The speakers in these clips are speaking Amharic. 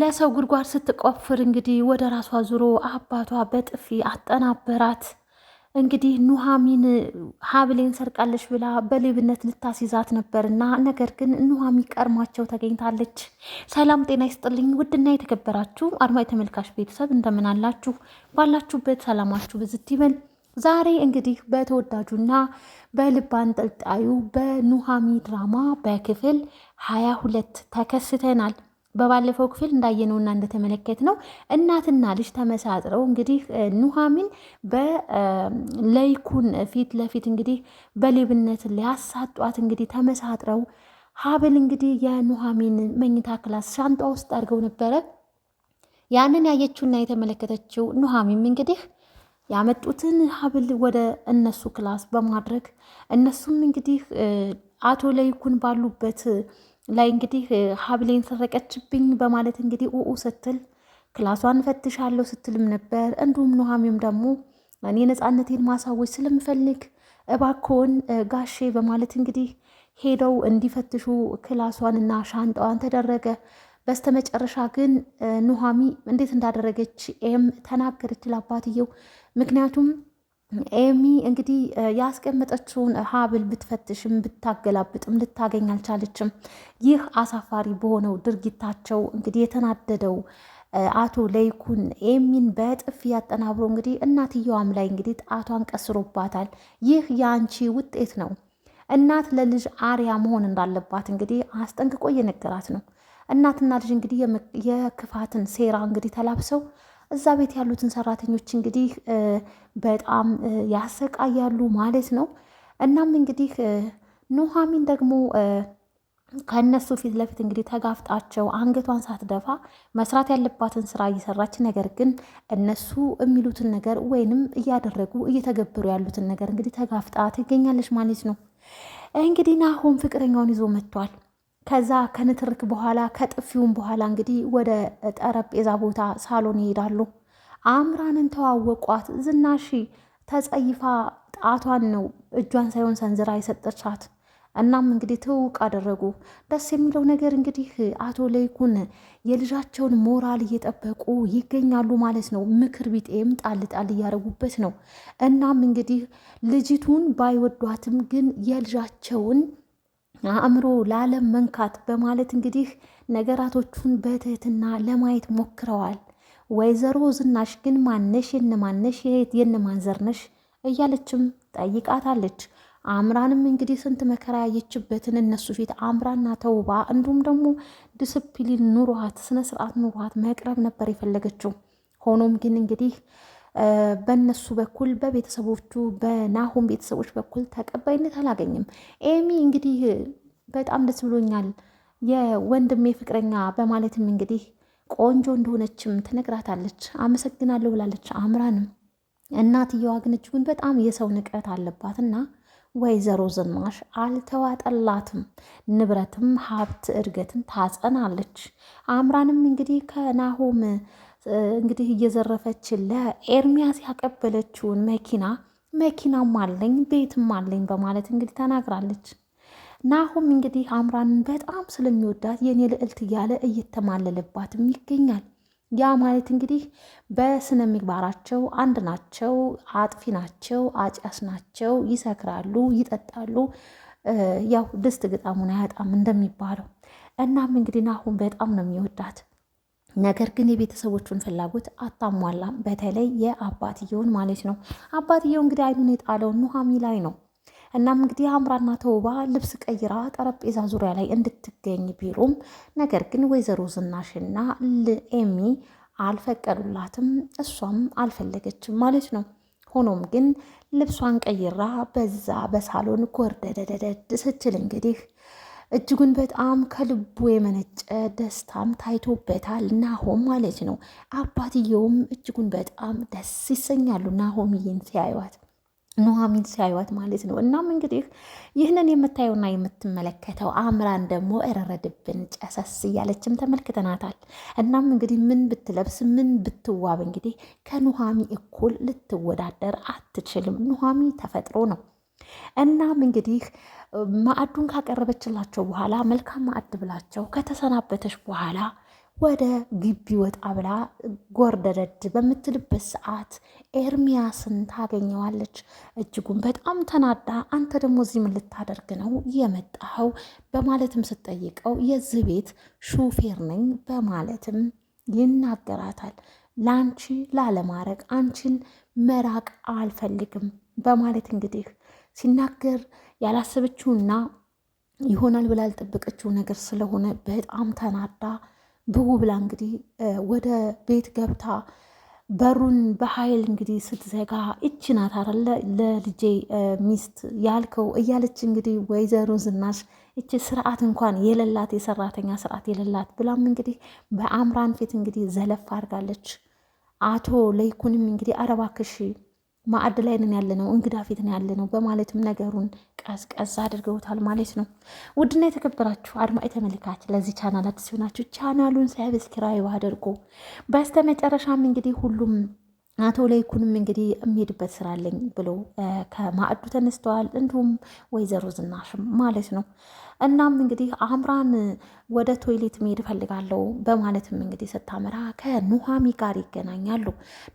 ለሰው ጉድጓድ ስትቆፍር እንግዲህ ወደ ራሷ ዙሮ አባቷ በጥፊ አጠናበራት። እንግዲህ ኑሃሚን ሀብሌን ሰርቃለች ብላ በሌብነት ልታስይዛት ነበር ነገር ግን ኑሃሚ ቀርማቸው ተገኝታለች። ሰላም ጤና ይስጥልኝ ውድና የተከበራችሁ አድማጭ ተመልካች ቤተሰብ እንደምን አላችሁ? ባላችሁበት ሰላማችሁ ብዝት ይበል። ዛሬ እንግዲህ በተወዳጁና በልብ አንጠልጣዩ በኑሃሚ ድራማ በክፍል ሀያ ሁለት ተከስተናል። በባለፈው ክፍል እንዳየነውና እንደተመለከትነው እናትና ልጅ ተመሳጥረው እንግዲህ ኑሃሚን በለይኩን ፊት ለፊት እንግዲህ በሌብነት ሊያሳጧት እንግዲህ ተመሳጥረው ሀብል እንግዲህ የኑሃሚን መኝታ ክላስ ሻንጧ ውስጥ አድርገው ነበረ። ያንን ያየችውና የተመለከተችው ኑሃሚን እንግዲህ ያመጡትን ሀብል ወደ እነሱ ክላስ በማድረግ እነሱም እንግዲህ አቶ ለይኩን ባሉበት ላይ እንግዲህ ሀብሌን ሰረቀችብኝ በማለት እንግዲህ ኡኡ ስትል ክላሷን ፈትሻለሁ ስትልም ነበር። እንዲሁም ኑሐሚንም ደግሞ እኔ ነፃነቴን ማሳወጅ ስለምፈልግ እባክዎን ጋሼ በማለት እንግዲህ ሄደው እንዲፈትሹ ክላሷንና ሻንጣዋን ተደረገ። በስተመጨረሻ ግን ኑሐሚ እንዴት እንዳደረገች ኤም ተናገረች ለአባትየው ምክንያቱም ኤሚ እንግዲህ ያስቀመጠችውን ሀብል ብትፈትሽም ብታገላብጥም ልታገኝ አልቻለችም። ይህ አሳፋሪ በሆነው ድርጊታቸው እንግዲህ የተናደደው አቶ ለይኩን ኤሚን በጥፊ ያጠናብሮ እንግዲህ እናትየዋም ላይ እንግዲህ ጣቷን ቀስሮባታል። ይህ የአንቺ ውጤት ነው። እናት ለልጅ አሪያ መሆን እንዳለባት እንግዲህ አስጠንቅቆ እየነገራት ነው። እናትና ልጅ እንግዲህ የክፋትን ሴራ እንግዲህ ተላብሰው እዛ ቤት ያሉትን ሰራተኞች እንግዲህ በጣም ያሰቃያሉ ማለት ነው። እናም እንግዲህ ኑሐሚን ደግሞ ከእነሱ ፊት ለፊት እንግዲህ ተጋፍጣቸው አንገቷን ሳትደፋ መስራት ያለባትን ስራ እየሰራች ነገር ግን እነሱ የሚሉትን ነገር ወይንም እያደረጉ እየተገበሩ ያሉትን ነገር እንግዲህ ተጋፍጣ ትገኛለች ማለት ነው። እንግዲህ ናሆም ፍቅረኛውን ይዞ መጥቷል። ከዛ ከንትርክ በኋላ ከጥፊውም በኋላ እንግዲህ ወደ ጠረጴዛ ቦታ ሳሎን ይሄዳሉ። አምራንን ተዋወቋት። ዝናሽ ተጸይፋ ጣቷን ነው እጇን ሳይሆን ሰንዝራ የሰጠቻት። እናም እንግዲህ ትውውቅ አደረጉ። ደስ የሚለው ነገር እንግዲህ አቶ ለይኩን የልጃቸውን ሞራል እየጠበቁ ይገኛሉ ማለት ነው። ምክር ቢጤም ጣል ጣል እያደረጉበት ነው። እናም እንግዲህ ልጅቱን ባይወዷትም ግን የልጃቸውን አእምሮ ለዓለም መንካት በማለት እንግዲህ ነገራቶቹን በትህትና ለማየት ሞክረዋል። ወይዘሮ ዝናሽ ግን ማነሽ የነማነሽ ነሽ እያለችም ጠይቃታለች። አምራንም እንግዲህ ስንት መከራ ያየችበትን እነሱ ፊት አምራና ተውባ እንዲሁም ደግሞ ዲስፕሊን ኑሯት ስነስርዓት ኑሯት መቅረብ ነበር የፈለገችው። ሆኖም ግን እንግዲህ በነሱ በኩል በቤተሰቦቹ በናሆም ቤተሰቦች በኩል ተቀባይነት አላገኝም። ኤሚ እንግዲህ በጣም ደስ ብሎኛል የወንድሜ ፍቅረኛ በማለትም እንግዲህ ቆንጆ እንደሆነችም ትነግራታለች። አመሰግናለሁ ብላለች። አምራንም እናትየዋ ግን እጅጉን በጣም የሰው ንቀት አለባትና ወይዘሮ ዝናሽ አልተዋጠላትም። ንብረትም ሀብት እድገትም ታጸናለች። አምራንም እንግዲህ ከናሆም እንግዲህ እየዘረፈችለ ኤርሚያስ ያቀበለችውን መኪና መኪናም አለኝ ቤትም አለኝ በማለት እንግዲህ ተናግራለች። ናሁም እንግዲህ አምራንን በጣም ስለሚወዳት የኔ ልዕልት እያለ እየተማለለባትም ይገኛል። ያ ማለት እንግዲህ በስነ ምግባራቸው አንድ ናቸው፣ አጥፊ ናቸው፣ አጫስ ናቸው፣ ይሰክራሉ፣ ይጠጣሉ፣ ያው ድስት ግጣሙን አያጣም እንደሚባለው። እናም እንግዲህ ናሁም በጣም ነው የሚወዳት ነገር ግን የቤተሰቦቹን ፍላጎት አታሟላም። በተለይ የአባትየውን ማለት ነው። አባትየው እንግዲህ አይኑን የጣለው ኑሃሚ ላይ ነው። እናም እንግዲህ አምራና ተውባ ልብስ ቀይራ ጠረጴዛ ዙሪያ ላይ እንድትገኝ ቢሉም ነገር ግን ወይዘሮ ዝናሽና ኤሚ አልፈቀዱላትም። እሷም አልፈለገችም ማለት ነው። ሆኖም ግን ልብሷን ቀይራ በዛ በሳሎን ኮርደደደደድ ስትል እንግዲህ እጅጉን በጣም ከልቡ የመነጨ ደስታም ታይቶበታል ናሆም ማለት ነው። አባትየውም እጅጉን በጣም ደስ ይሰኛሉ ናሆምዬን ሲያዩዋት ኑሐሚን ሲያዩዋት ማለት ነው። እናም እንግዲህ ይህንን የምታየውና የምትመለከተው አምራን ደግሞ እረረድብን ጨሰስ እያለችም ተመልክተናታል። እናም እንግዲህ ምን ብትለብስ ምን ብትዋብ እንግዲህ ከኑሐሚ እኩል ልትወዳደር አትችልም። ኑሐሚ ተፈጥሮ ነው እናም እንግዲህ ማዕዱን ካቀረበችላቸው በኋላ መልካም ማዕድ ብላቸው ከተሰናበተች በኋላ ወደ ግቢ ወጣ ብላ ጎርደደድ በምትልበት ሰዓት ኤርሚያስን ታገኘዋለች። እጅጉን በጣም ተናዳ አንተ ደግሞ እዚህ ምን ልታደርግ ነው የመጣኸው? በማለትም ስትጠይቀው የዚህ ቤት ሹፌር ነኝ በማለትም ይናገራታል። ለአንቺ ላለማረግ አንቺን መራቅ አልፈልግም በማለት እንግዲህ ሲናገር ያላሰበችውና ይሆናል ብላ ያልጠበቀችው ነገር ስለሆነ በጣም ተናዳ ብው ብላ እንግዲህ ወደ ቤት ገብታ በሩን በኃይል እንግዲህ ስትዘጋ እቺ ናት አይደለ ለልጄ ሚስት ያልከው እያለች እንግዲህ ወይዘሮ ዝናሽ እች ስርዓት እንኳን የሌላት የሰራተኛ ስርዓት የሌላት ብላም እንግዲህ በአምራን ፊት እንግዲህ ዘለፍ አድርጋለች። አቶ ለይኩንም እንግዲህ አረባክሽ ማዕድ ላይ ነን ነው፣ እንግዳ ፊት ነው ያለነው በማለትም ነገሩን ቀዝቀዝ አድርገውታል ማለት ነው። ውድና የተከበራችሁ አድማጭ ተመልካች፣ ለዚህ ቻናል አዲስ ሲሆናችሁ ቻናሉን ሰብስክራይብ አድርጉ። በስተመጨረሻም እንግዲህ ሁሉም አቶ ኩንም እንግዲህ የሚሄድበት ስራ አለኝ ብሎ ከማዕዱ ተነስተዋል። እንዲሁም ወይዘሮ ዝናሽም ማለት ነው። እናም እንግዲህ አምራን ወደ ቶይሌት መሄድ እፈልጋለሁ በማለትም እንግዲህ ስታመራ ከኑሃሚ ጋር ይገናኛሉ።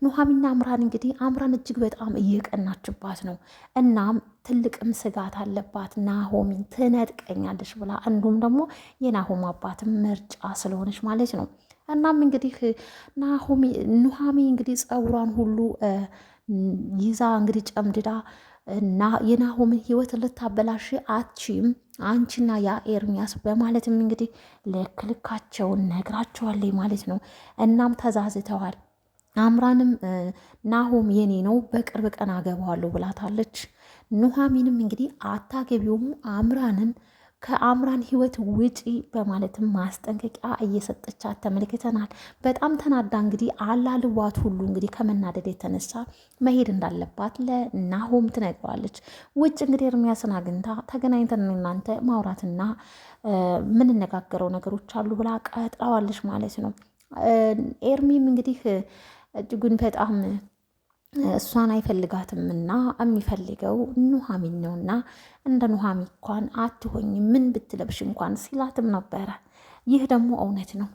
ኑሃሚና አምራን እንግዲህ አምራን እጅግ በጣም እየቀናችባት ነው። እናም ትልቅም ስጋት አለባት። ናሆሚ ትነጥቀኛለች ብላ እንዲሁም ደግሞ የናሆም አባትም ምርጫ ስለሆነች ማለት ነው እናም እንግዲህ ናሆሚ ኑሃሚ እንግዲህ ጸጉሯን ሁሉ ይዛ እንግዲህ ጨምድዳ የናሆምን ህይወት ልታበላሽ አትችም አንቺና ያ ኤርሚያስ በማለትም እንግዲህ ልክ ልካቸውን ነግራቸዋለች ማለት ነው። እናም ተዛዝተዋል። አምራንም ናሆም የኔ ነው በቅርብ ቀን አገባዋለሁ ብላታለች። ኑሃሚንም እንግዲህ አታገቢውም አምራንን ከአምራን ህይወት ውጪ በማለትም ማስጠንቀቂያ እየሰጠቻት ተመልክተናል። በጣም ተናዳ እንግዲህ አላልዋት ሁሉ እንግዲህ ከመናደድ የተነሳ መሄድ እንዳለባት ለናሆም ትነግረዋለች። ውጭ እንግዲህ እርሚያስን አግኝታ ተገናኝተን እናንተ ማውራትና ምንነጋገረው ነገሮች አሉ ብላ ቀጥረዋለች ማለት ነው። ኤርሚም እንግዲህ እጅጉን በጣም እሷን አይፈልጋትምና የሚፈልገው ኑሃሚን ነውና እንደ ኑሃሚ እንኳን አትሆኝ ምን ብትለብሽ እንኳን ሲላትም ነበረ። ይህ ደግሞ እውነት ነው።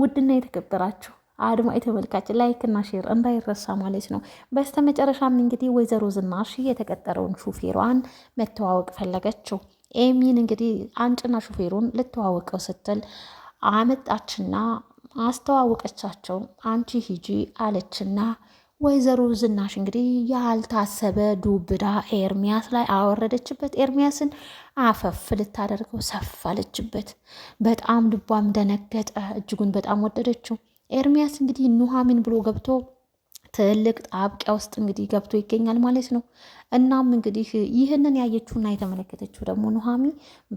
ውድና የተከበራችሁ አድማጭ ተመልካች ላይክና ሼር እንዳይረሳ ማለት ነው። በስተመጨረሻም እንግዲህ ወይዘሮ ዝናሽ የተቀጠረውን ሹፌሯን መተዋወቅ ፈለገችው። ኤሚን እንግዲህ አንጭና ሹፌሩን ልተዋወቀው ስትል አመጣችና አስተዋወቀቻቸው። አንቺ ሂጂ አለችና ወይዘሮ ዝናሽ እንግዲህ ያልታሰበ ዱብዳ ኤርሚያስ ላይ አወረደችበት። ኤርሚያስን አፈፍ ልታደርገው ሰፋለችበት። በጣም ልቧም ደነገጠ። እጅጉን በጣም ወደደችው። ኤርሚያስ እንግዲህ ኑሐሚን ብሎ ገብቶ ትልቅ ጣብቂያ ውስጥ እንግዲህ ገብቶ ይገኛል ማለት ነው። እናም እንግዲህ ይህንን ያየችውና የተመለከተችው ደግሞ ኖሃሚ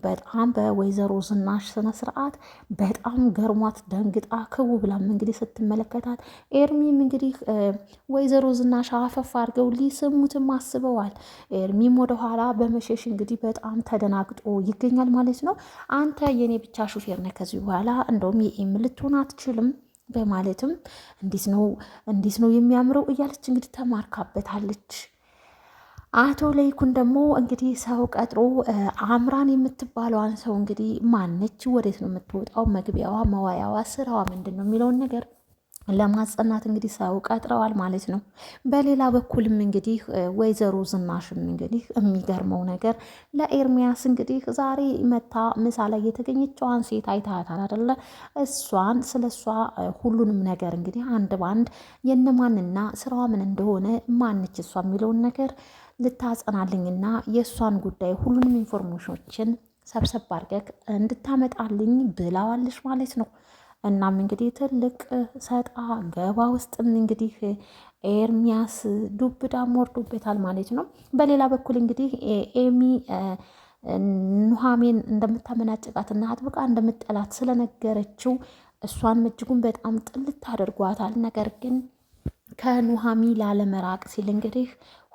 በጣም በወይዘሮ ዝናሽ ስነ ስርዓት በጣም ገርሟት ደንግጣ ክው ብላም እንግዲህ ስትመለከታት፣ ኤርሚም እንግዲህ ወይዘሮ ዝናሽ አፈፍ አድርገው ሊስሙትም አስበዋል። ኤርሚም ወደኋላ በመሸሽ እንግዲህ በጣም ተደናግጦ ይገኛል ማለት ነው። አንተ የኔ ብቻ ሹፌር ነህ ከዚህ በኋላ እንደውም የኤም ልትሆን አትችልም በማለትም እንዴት ነው እንዴት ነው የሚያምረው እያለች እንግዲህ ተማርካበታለች። አቶ ለይኩን ደግሞ እንግዲህ ሰው ቀጥሮ አምራን የምትባለዋን ሰው እንግዲህ ማነች፣ ወዴት ነው የምትወጣው፣ መግቢያዋ፣ መዋያዋ፣ ስራዋ ምንድን ነው የሚለውን ነገር ለማጸናት እንግዲህ ሰው ቀጥረዋል ማለት ነው። በሌላ በኩልም እንግዲህ ወይዘሮ ዝናሽም እንግዲህ የሚገርመው ነገር ለኤርሚያስ እንግዲህ ዛሬ መታ ምሳ ላይ የተገኘችዋን ሴት አይታታል አደለ? እሷን ስለ እሷ ሁሉንም ነገር እንግዲህ አንድ ባንድ የነማንና ስራዋ ምን እንደሆነ ማንች እሷ የሚለውን ነገር ልታጸናልኝና የእሷን ጉዳይ ሁሉንም ኢንፎርሜሽኖችን ሰብሰብ አድርገህ እንድታመጣልኝ ብላዋለች ማለት ነው። እናም እንግዲህ ትልቅ ሰጣ ገባ ውስጥም እንግዲህ ኤርሚያስ ዱብዳ ሞርዶበታል ማለት ነው። በሌላ በኩል እንግዲህ ኤሚ እንደምታመናጭቃት እንደምታመናጭቃትና አጥብቃ እንደምጠላት ስለነገረችው እሷን እጅጉን በጣም ጥልት አድርጓታል። ነገር ግን ከኑሐሚ ላለመራቅ ሲል እንግዲህ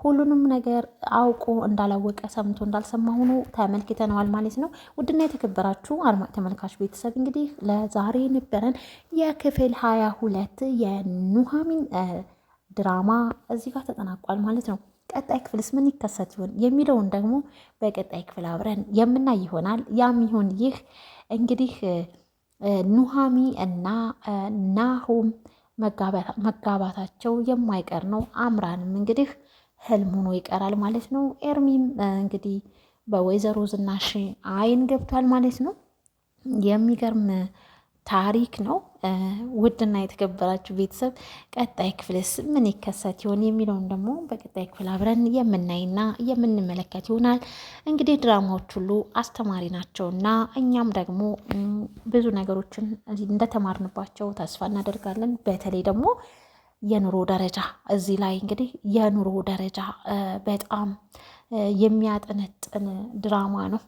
ሁሉንም ነገር አውቆ እንዳላወቀ ሰምቶ እንዳልሰማ ሆኖ ተመልክተነዋል ማለት ነው። ውድና የተከበራችሁ አድማጭ ተመልካች ቤተሰብ እንግዲህ ለዛሬ የነበረን የክፍል ሀያ ሁለት የኑሃሚን ድራማ እዚህ ጋር ተጠናቋል ማለት ነው። ቀጣይ ክፍልስ ምን ይከሰት ይሆን የሚለውን ደግሞ በቀጣይ ክፍል አብረን የምናይ ይሆናል። ያም ይሁን ይህ እንግዲህ ኑሃሚ እና ናሆም መጋባታቸው የማይቀር ነው። አምራንም እንግዲህ ህልም ሆኖ ይቀራል ማለት ነው። ኤርሚም እንግዲህ በወይዘሮ ዝናሽ አይን ገብቷል ማለት ነው። የሚገርም ታሪክ ነው። ውድና የተከበራችሁ ቤተሰብ ቀጣይ ክፍልስ ምን ይከሰት ይሆን የሚለውን ደግሞ በቀጣይ ክፍል አብረን የምናይና የምንመለከት ይሆናል። እንግዲህ ድራማዎች ሁሉ አስተማሪ ናቸው እና እኛም ደግሞ ብዙ ነገሮችን እንደተማርንባቸው ተስፋ እናደርጋለን። በተለይ ደግሞ የኑሮ ደረጃ እዚህ ላይ እንግዲህ የኑሮ ደረጃ በጣም የሚያጠነጥን ድራማ ነው።